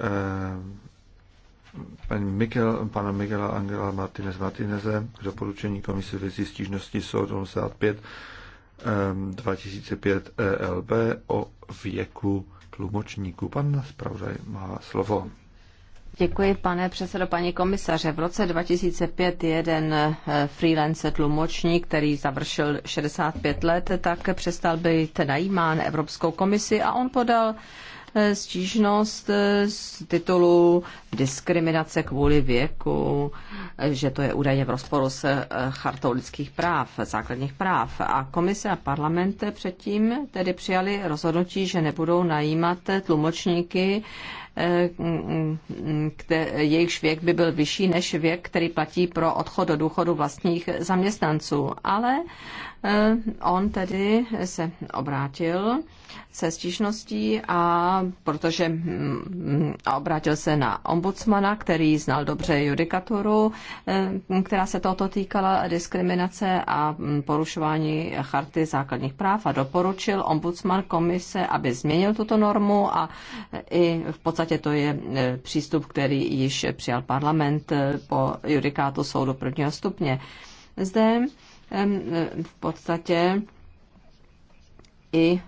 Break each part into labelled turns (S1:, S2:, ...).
S1: Eh, paní Miguel, pana Miguela Angela Martinez Martineze k doporučení komise věcí stížnosti SOUD 85 2005 ELB o věku tlumočníků. Pan zpravodaj má slovo.
S2: Děkuji, pane předsedo, paní komisaře. V roce 2005 jeden eh, freelance tlumočník, který završil 65 let, tak přestal být najímán Evropskou komisi a on podal stížnost z titulu diskriminace kvůli věku, že to je údajně v rozporu s eh, chartou lidských práv, základních práv. A komise a parlament předtím tedy přijali rozhodnutí, že nebudou najímat tlumočníky jejichž věk by byl vyšší než věk, který platí pro odchod do důchodu vlastních zaměstnanců. Ale eh, on tedy se obrátil se stížností a protože mm, a obrátil se na ombudsmana, který znal dobře judikaturu, eh, která se tohoto týkala diskriminace a mm, porušování charty základních práv a doporučil ombudsman komise, aby změnil tuto normu a eh, i v podstatě podstatě to je e, přístup, který již přijal parlament e, po judikátu soudu prvního stupně. Zde e, v podstatě i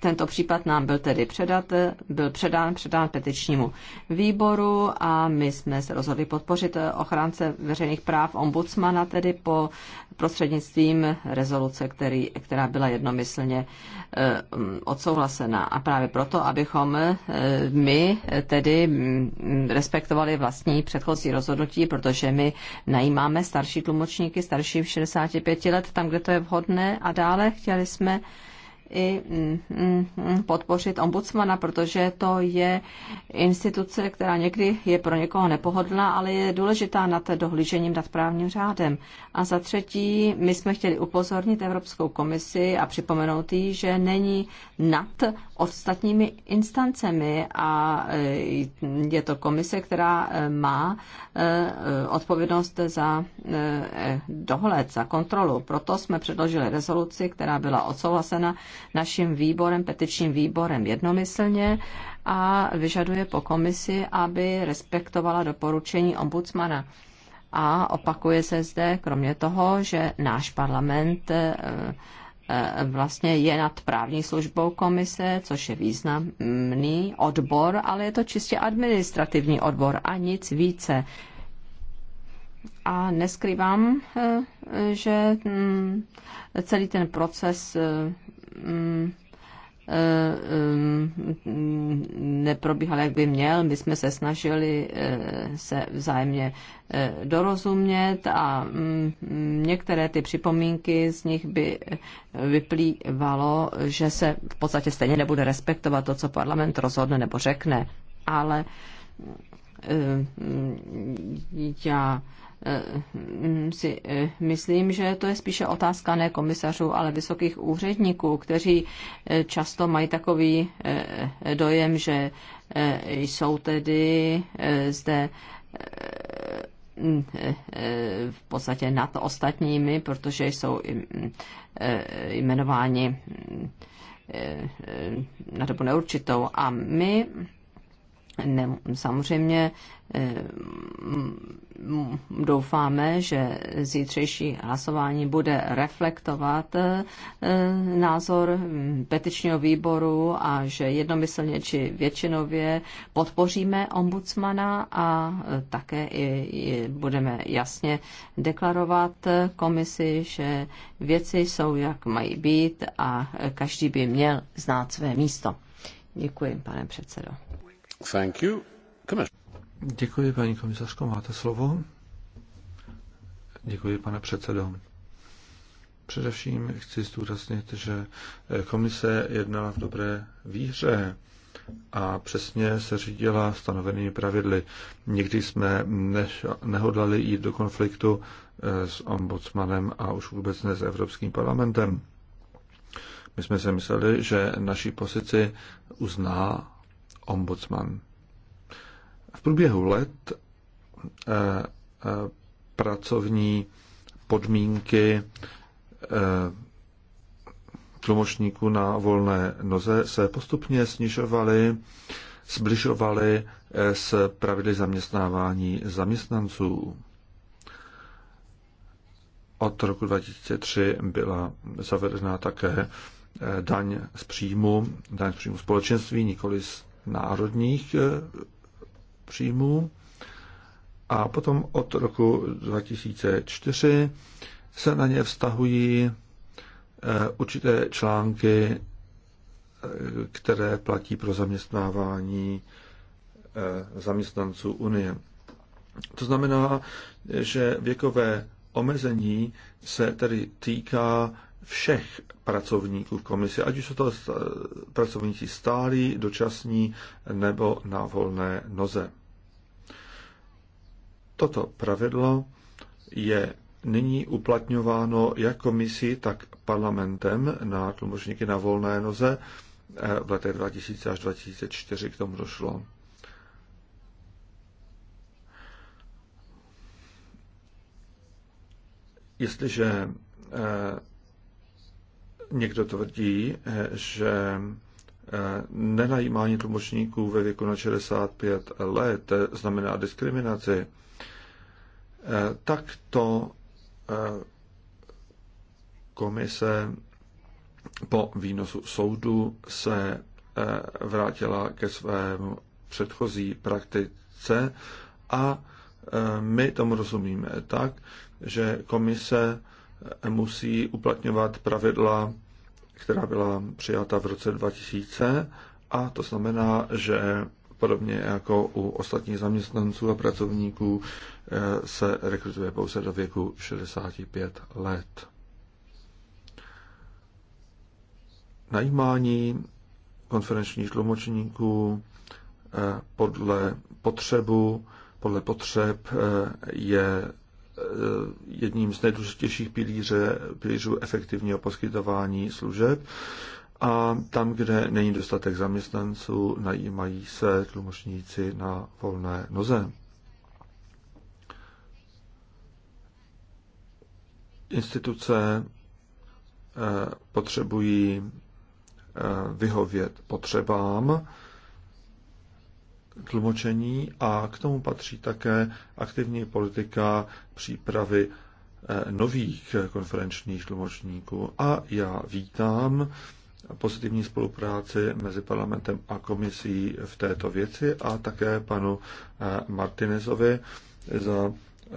S2: tento případ nám byl tedy předat, byl předán, předán petičnímu výboru a my jsme se rozhodli podpořit ochránce veřejných práv ombudsmana tedy po prostřednictvím rezoluce, který, která byla jednomyslně eh, mm, odsouhlasena. A právě proto, abychom eh, my tedy mm, respektovali vlastní předchozí rozhodnutí, protože my najímáme starší tlumočníky, starší 65 let, tam, kde to je vhodné a dále chtěli jsme i mm, mm, podpořit ombudsmana, protože to je instituce, která někdy je pro někoho nepohodlná, ale je důležitá nad dohlížením nad právním řádem. A za třetí, my jsme chtěli upozornit Evropskou komisi a připomenout jí, že není nad ostatními instancemi a e, je to komise, která e, má e, odpovědnost za dohled, za kontrolu. Proto jsme předložili rezoluci, která byla odsouhlasena naším výborem, petičním výborem jednomyslně a vyžaduje po komisi, aby respektovala doporučení ombudsmana. A opakuje se zde kromě toho, že náš parlament eh, eh, vlastně je nad právní službou komise, což je významný odbor, ale je to čistě administrativní odbor a nic více. A neskrývám, eh, že hm, celý ten proces Mm, mm, neprobíhal, jak by měl. My jsme se snažili eh, se vzájemně eh, dorozumět a mm, některé ty připomínky z nich by vyplývalo, že se v podstatě stejně nebude respektovat to, co parlament rozhodne nebo řekne. Ale eh, já Eh, si eh, myslím, že to je spíše otázka ne komisařů, ale vysokých úředníků, kteří eh, často mají takový dojem, že jsou tedy zde v podstatě nad ostatními, protože jsou jmenováni na dobu neurčitou. A my ne, samozřejmě eh, doufáme, že zítřejší hlasování bude reflektovat eh, názor hm, petičního výboru a že jednomyslně či většinově podpoříme ombudsmana a eh, také i budeme jasně deklarovat komisi, že věci jsou, jak mají být a každý by měl znát své místo. Děkuji, pane předsedo.
S1: Děkuji, paní komisařko, máte slovo. Děkuji, pane předsedo. Především chci zdůraznit, že komise jednala v dobré víře a přesně se řídila stanovenými pravidly. Nikdy jsme nehodlali jít do konfliktu eh, s ombudsmanem a už vůbec ne s Evropským parlamentem. My jsme si mysleli, že naší pozici uzná ombudsman. V průběhu let eh, eh, pracovní podmínky eh, tlumočníků na volné noze se postupně snižovaly, zbližovaly s pravidly zaměstnávání zaměstnanců. Od roku 2003 byla zavedena také daň z příjmu, daň z příjmu společenství, nikoli z národních eh, příjmů. A potom od roku 2004 se na ně vztahují eh, určité články, eh, které platí pro zaměstnávání zaměstnanců Unie. To znamená, že věkové omezení se tedy týká všech pracovníků komise, ať už jsou to eh, pracovníci stálí, dočasní nebo na volné noze. Toto pravidlo je nyní uplatňováno jak komisí, tak parlamentem na tlumočníky na volné noze. Eh, v letech 2000 až 2004 k tomu došlo. Jestliže eh, Někdo tvrdí, že eh, nenajímání tlumočníků ve věku na 65 let znamená diskriminaci. Eh, tak to eh, komise po výnosu soudu se vrátila ke svému předchozí praktice a my tomu rozumíme tak, že komise musí uplatňovat pravidla, která byla přijata v roce 2000 a to znamená, že podobně jako u ostatních zaměstnanců a pracovníků eh, se rekrutuje pouze do věku 65 let. Najímání konferenčních tlumočníků eh, podle potřebu, podle potřeb eh, je Eh, jedním z nejdůležitějších pilíře, pilířů efektivního poskytování služeb a tam, kde není dostatek zaměstnanců, najímají se tlumočníci na volné noze. Instituce eh, potřebují eh, vyhovět potřebám, tlumočení a k tomu patří také aktivní politika přípravy eh, nových konferenčních tlumočníků. A já vítám pozitivní spolupráci mezi parlamentem a komisí v této věci a také panu eh, Martinezovi za eh,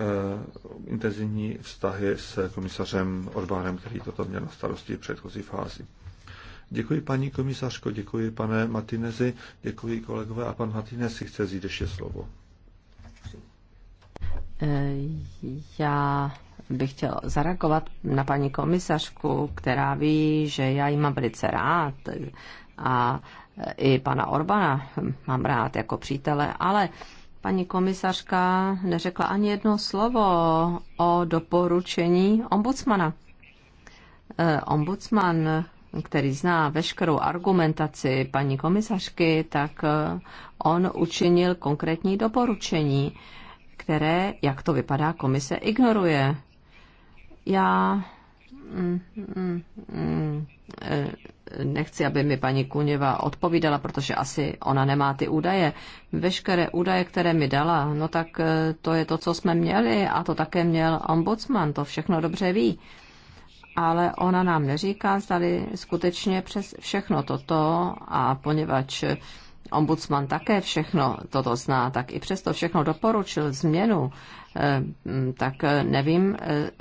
S1: intenzivní vztahy s komisařem Orbánem, který toto měl na starosti v předchozí fázi. Děkuji paní komisařko, děkuji pane Martinezi, děkuji kolegové a pan Martinez si chce vzít ještě slovo.
S2: Já bych chtěl zareagovat na paní komisařku, která ví, že já ji mám velice rád a i pana Orbana mám rád jako přítele, ale paní komisařka neřekla ani jedno slovo o doporučení ombudsmana. Eh, ombudsman který zná veškerou argumentaci paní komisařky, tak eh, on učinil konkrétní doporučení, které, jak to vypadá, komise ignoruje. Já mm, mm, mm, eh, nechci, aby mi paní Kuněva odpovídala, protože asi ona nemá ty údaje. Veškeré údaje, které mi dala, no tak eh, to je to, co jsme měli a to také měl ombudsman, to všechno dobře ví ale ona nám neříká, zdali skutečně přes všechno toto a poněvadž ombudsman také všechno toto zná, tak i přesto všechno doporučil změnu, eh, tak nevím, eh,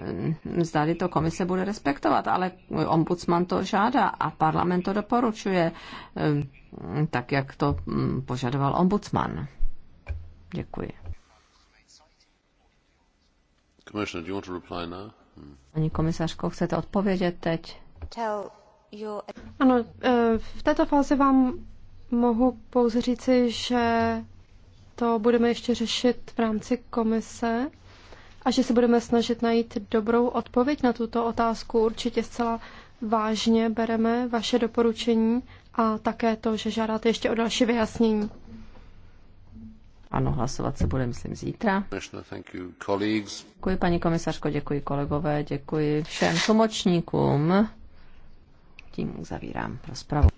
S2: zdali to komise bude respektovat, ale ombudsman to žádá a parlament to doporučuje, eh, tak jak to mm, požadoval ombudsman. Děkuji.
S1: Commissioner, do you want to reply now?
S2: Pani komisařko, chcete odpovědět teď? Ano, eh, v této fázi vám mohu pouze říci, že to budeme ještě řešit v rámci komise a že se budeme snažit najít dobrou odpověď na tuto otázku. Určitě zcela vážně bereme vaše doporučení a také to, že žádáte ještě o další vyjasnění. Ano, hlasovat se bude, myslím, zítra. Děkuji, paní komisařko, děkuji kolegové, děkuji všem tlumočníkům. Tím uzavírám rozpravu.